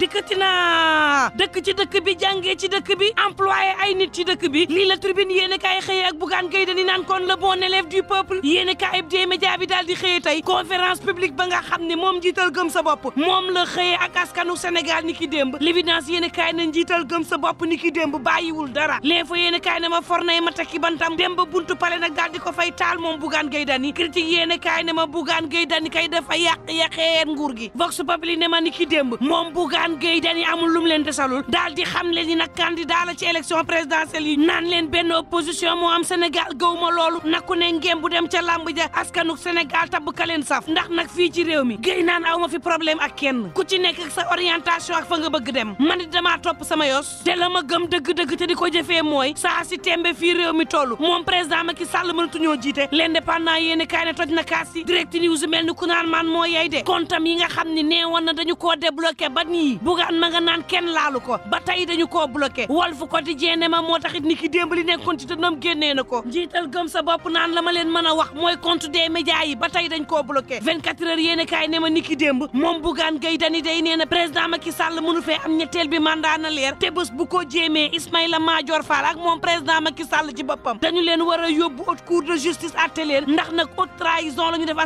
dikkati naa dëkk ci dëkk bi jàngee ci dëkk bi employé ay nit ci dëkk bi lii la tribune yéen a kaay xëyee ak Bougane Gueye Dany naan kon le bon élève du peuple yéen a kaay des médias bi daal di xëyee tey conférence publique ba nga xam ne moom njiital gëm sa bopp moom la xëyee ak askanu senegal ni ki démb l'évidence yéen a kaay na njiital gëm sa bopp ni ki démb bàyyiwul dara l'info yéen a kaay na ma fornay ma tekki bantam démb buntu pale nag daal ko fay taal moom Bougane gay Dany critique yéen a kaay ne ma Bougane Gueye Dany kay dafa yàq yàqeer nguur gi vox populi ne ma ni ki démb moom Bougane Bougane Gueye Dany amul lu mu leen desalul daal di xam le ni nag candidat la ci élection présidentielle yi naan leen benn opposition moo am Sénégal gawma loolu naku ne ngeen bu dem ca làmb ja askanu Sénégal tabb ka leen saf ndax nag fii ci réew mi Gueye naan aw ma fi problème ak kenn ku ci nekk sa orientation ak fa nga bëgg dem man it damaa topp sama yos te la ma gëm dëgg-dëgg te di ko jëfee mooy saa si tembe fii réew mi toll moom président ki Sall mënatuñoo jiite l'indépendant yéen kaay ne na kaas yi direct news mel ni ku naan man moo yay de kontam yi nga xam ne nee woon na dañu koo débloqué ba nii bugaan ma nga naan kenn laalu ko ba tey dañu koo bloqué Walf Quotidien ne ma moo taxit ni ki démb li nekkoon ci tënam génnee na ko njiital gëm sa bopp naan la ma leen mën a wax mooy compte des médias yi ba tey dañ koo bloqué 24 heures yéen a kaay ne ma ni ki démb moom bugaan gay dani day nee na président Macky Sall mënu fee am ñetteel bi mandat na leer te bés bu ko jéemee Ismaïla Madior Fall ak moom président Macky Sall ci boppam dañu leen war a yóbbu haute cour de justice àtte leen ndax nag haute trahison la ñu def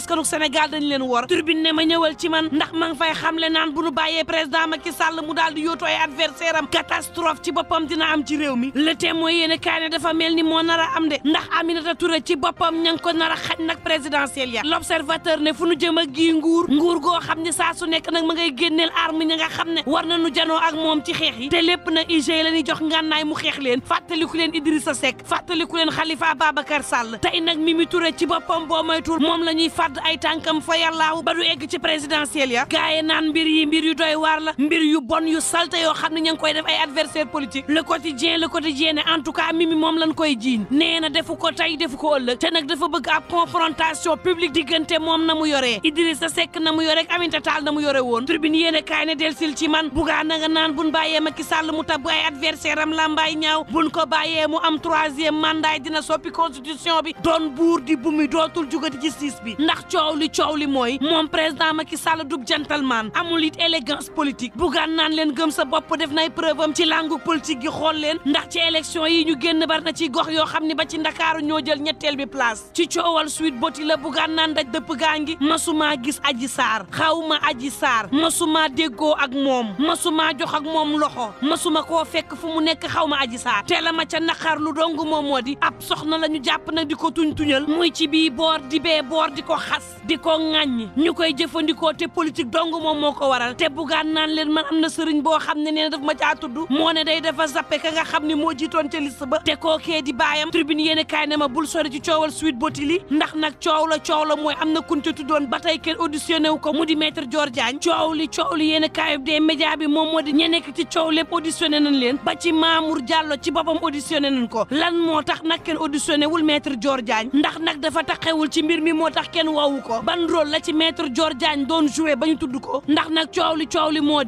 leen wor ma ñëwal ci man ndax ma ngi fay xamle naan bu nu bàyyee Macky Sall mu daal di yóotu ay adversaire am catastrophe ci boppam dina am ci réew mi le témoin yéene kaay ne dafa mel ni moo nar a am de ndax Aminata ci boppam ña ko nar a xañ nag présidentielle ya l'observateur ne fu nu jëm ak gii nguur nguur goo xam ne saa su nekk nag ma ngay génneel arme ñi nga xam ne war nañu janoo ak moom ci xeex yi te lépp nag IGE la ñuy jox ngànnaay mu xeex leen fàttaliku leen Idrissa Seck fàttaliku leen Khalifa Babacar Sall tey nag Mimi Touré ci boppam boo moytuwul moom la ñuy fàdd ay tànkam fa yàllaaw ba du egg ci présidentielle ya gaay naan mbir yi mbir yu doy waar la mbir yu bon yu salte yoo xam ne ña ngi koy def ay adversaire politique le quotidien le quotidien ne moom lañ koy jiiñ nee na defu ko tey defu ko ëllëg te nag dafa bëgg ab confrontation publique diggante moom na mu yoree Idrissa sekk na mu yoree ak Aminata Tall na mu yore woon tribune yéen a kaay ne delsil ci man bugaa na nga naan buñ bàyyee Macky Sall mu tabb ay adversaire am lambaay ñaaw buñ ko bàyyee mu am troisième mandat dina soppi constitution bi doon buur di bu mi dootul jugati justice bi ndax coow li coow li mooy moom président Macky Sall dub gentleman amul it élégance politique bugaan naan leen gëm sa bopp def nay preuve am ci langu politique gi xool leen ndax ci élection yi ñu génn bar na ci gox yoo xam ne ba ci ndakaaru ñoo jël ñetteel bi place ci coowal suite boti la bugaan naan daj dëpp gaa ngi masumaa gis aji saar xawma aji saar masumaa déggoo ak moom masumaa jox ak moom loxo masuma koo fekk fu mu nekk xawma aji saar te la ma ca naqar lu dong moom moo di ab soxna la ñu jàpp nag di ko tuñ tuñal muy ci bii boor di bee boor di ko xas di ko ŋàññi leen man am na sëriñ boo xam ne nee na daf ma caa moo ne day dafa zappe ka nga xam ne moo jiitoon ca liste te kookee di baayam tribune yéen kaay ma bul sori ci coowal suite botili ndax nag coow la mooy am na kun ca tuddoon ba tey kenn auditionné wu ko mu di maître Dior Diagne coow li coow li yéen kaay bi moom moo di ña nekk ci coow lépp auditionné nañ leen ba ci Mamour Diallo ci boppam auditionné nañ ko lan moo tax nag kenn auditionné wul maître Dior Diagne ndax nag dafa taxewul ci mbir mi moo tax kenn woowu ko ban rôle la ci maître Dior Diagne doon joué ba ñu tudd ko ndax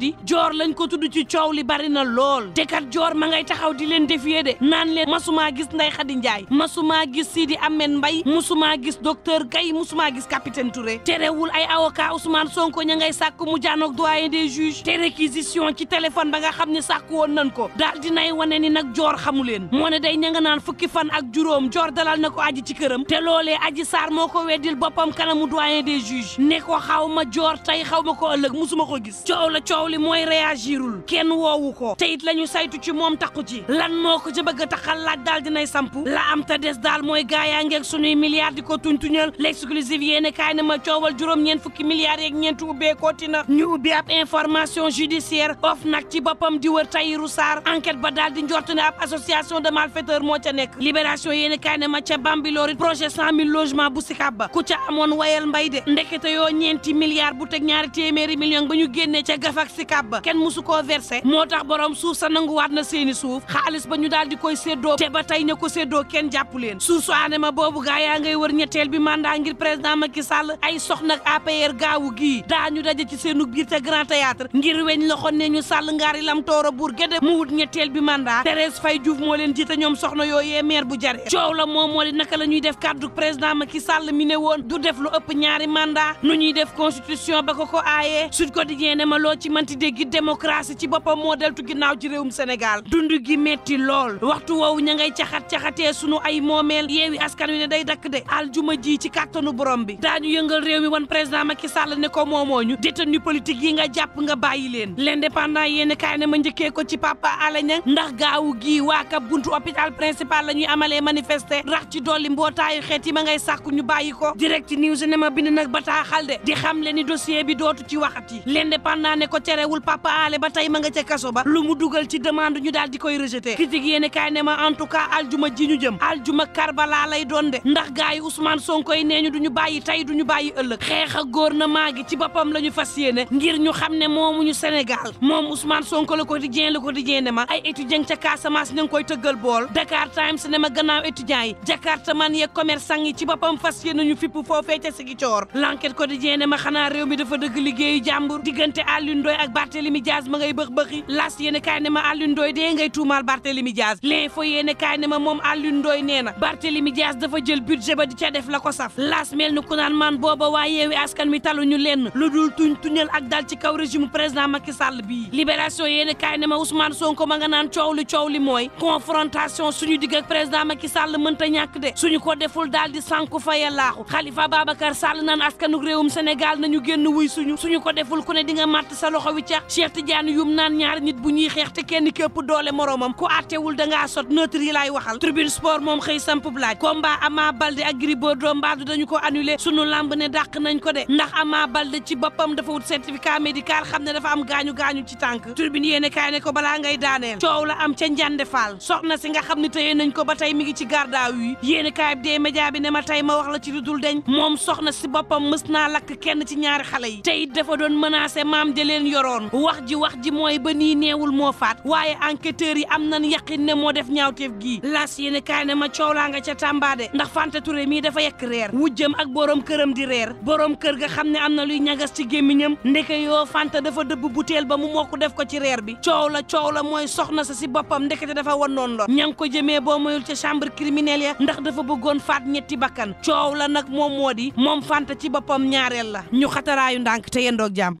gi joor lañ ko tudd ci coow li bari na lool te kat joor ma ngay taxaw di leen défier de naan leen masumaa gis Ndeye Khady Ndiaye ma gis Sidi Ahmed Mbaye musumaa gis docteur Gaye musumaa gis capitaine Touré terewul ay avocat Ousmane Sonko ña ngay sàkk mu jaanoog doyen de juges te réquisition ci téléphone ba nga xam ne sàkk woon nañ ko daal dinay wane ni nag joor xamu leen moo ne day ña nga naan fukki fan ak juróom joor dalal na ko aji ci këram te loolee aji saar moo ko weddil boppam kanamu doyen des juges ne ko xaw ma xaw ma li mooy réagirul kenn woowu ko te it la ñu saytu ci moom tax ci lan moo ko ci bëgg a taxal laaj daal dinay samp la am te des daal mooy gaayaa ngeeg suñuy milliards di ko tuñtuñal l'exclusive yéene kaay na ma coowal juróom ñeen fukki milliards yeeg ñeent ubbeekooti na ñu ubbi ab information judiciaire of nag ci boppam di wër Tahirou Sarr enquête ba daal di njort ne ab association de malfaiteurs moo ca nekk libération yéene kaay na ma ca Bambilor it projet cent mille logements bu Sicap ba amoon mbay de ñeenti milliards bu teg ñaari téeméeri millions ba ñu génnee ca handicap ba kenn musu koo moo tax borom suuf sa nanguwaat na seeni suuf xaalis ba ñu daal di koy séddoo te ba tey ña ko séddoo kenn jàpp leen suuf su aane ma boobu gaa yaa ngay wër ñetteel bi mandat ngir président Macky Sall ay soxna ak gaawu gii daañu daje ci seenu biir te grand théâtre ngir weñ loxo ne ñu sàll ngaari lam tooro buur géde mu wut ñetteel bi mandat Thérèse Faye Diouf moo leen jiite ñoom soxna yooyee maire bu jare coow la moom moo di la ñuy def kàddu président Macky Sall mi ne woon du def lu ëpp ñaari mandat nu ñuy def constitution ba ko ko aayee Sud ma loo ci manti dégg démocratie ci boppam moo deltu ginnaaw ci réewum Sénégal dund gi metti lool waxtu woowu ña ngay caxat-caxatee sunu ay moomeel yeewi askan wi ne day dakk de aljuma ji ci kàttanu borom bi daañu yëngal réew mi wan président ma Macky Sall ne ko moomooñu détenu politique yi nga jàpp nga bàyyi leen l'indépendant yéen kaay na ma njëkkee ko ci papa alaña ndax gaawu gii waa kab buntu hôpital principal la ñuy amalee manifester rax ci dolli mbootaayu xeet yi ma ngay sàkku ñu bàyyi ko direct news ne ma bind nag bataaxal de di xam le ni dossier bi dootu ci waxat yi terewul papa ale ba tey ma nga ca kaso ba lu mu dugal ci demande ñu daal di koy rejeté critique yéene kaane ma en tout cas aljuma ji ñu jëm aljuma karbala lay doon de ndax gars yi Ousmane nee ñu du ñu bàyyi tey du ñu bàyyi ëllëg xeex ak gouvernement gi ci boppam la ñu fas yéene ngir ñu xam ne moomuñu Sénégal moom Ousmane Sonko di quotidien le di ne ma ay étudiant ca Casamance ñu ngi koy tëggal bool Dakar Times ne ma gannaaw étudiant yi Jakarta man yeeg commerçant ci boppam fas yéene ñu fipp foofee ca Sigicoor l'enquête quotidien ne ma xanaa réew mi dafa dëgg liggéeyu jàmbur diggante Alioune Ndoye ak Barthélemy Diaz ma ngay bëx-bëxi las yéene kaay ne ma Alioune Ndoye dee ngay tuumaal Barthélemy Diaz l'info yéene kaay ne ma moom Alioune Ndoye nee na Barthélemy Diaz jël budget ba di ca ko saf las mel ni ku man booba waa yeewi askan mi taluñu lenn lu dul tuñ tuñal ak dal ci kaw régime président Macky Sall bii libération yéene kaay ne ma Ousmane Sonko ma nga naan coow li mooy confrontation suñu digg ak président Macky mënta ñàkk de suñu ko deful daal di sànku fa yàllaaxu Khalifa Babacar Sall naan askanuk réewum Sénégal nañu génn wuy suñu suñu ko deful ca Cheikh Tidiane yum naan ñaari nit bu ñuy xeex te kenn ki ëpp doole moroomam ku àttewul dangaa sot neutre yi laay waxal tribune sport moom xëy samp laaj combat Ama Baldé ak Gris Bordeaux mbaadu dañu ko annulé sunu lamb ne dàq nañ ko de ndax Ama Baldé ci boppam dafa wut certificat médical xam ne dafa am gaañu gaañu ci tànk tribune yéene kaay ne ko balaa ngay daaneel coow la am ca Njande Fall soxna si nga xam ne tëye nañ ko ba tey mi ngi ci gardaaw yi yéene kaay bi dee média bi ma tey ma wax la ci lu dul deñ moom soxna si boppam mës naa lakk kenn ci ñaari xale yi tey dafa doon menacé maam jëleen yoro yoroon wax ji wax ji mooy ba nii neewul moo faat waaye enquêteurs yi am na nañ yaqin ne moo def ñaawteef gii las yéene kaay ma coow laa nga ca tàmbaade ndax Fanta Touré mii dafa yekk reer wujjam ak borom këram di reer borom kër ga xam ne am na luy ñagas ci gémmiñam ndeke yoo Fanta dafa dëbb butéel ba mu mokk def ko ci reer bi coow la coow la mooy soxna sa si boppam ndekete dafa wandoon lor ña ngi ko jëmee boo moyul ca chambre criminelle ya ndax dafa bëggoon faat ñetti bakkan coow la nag moom moo di moom Fanta ci boppam ñaareel la ñu xataraayu ndànk te yendoog jàmm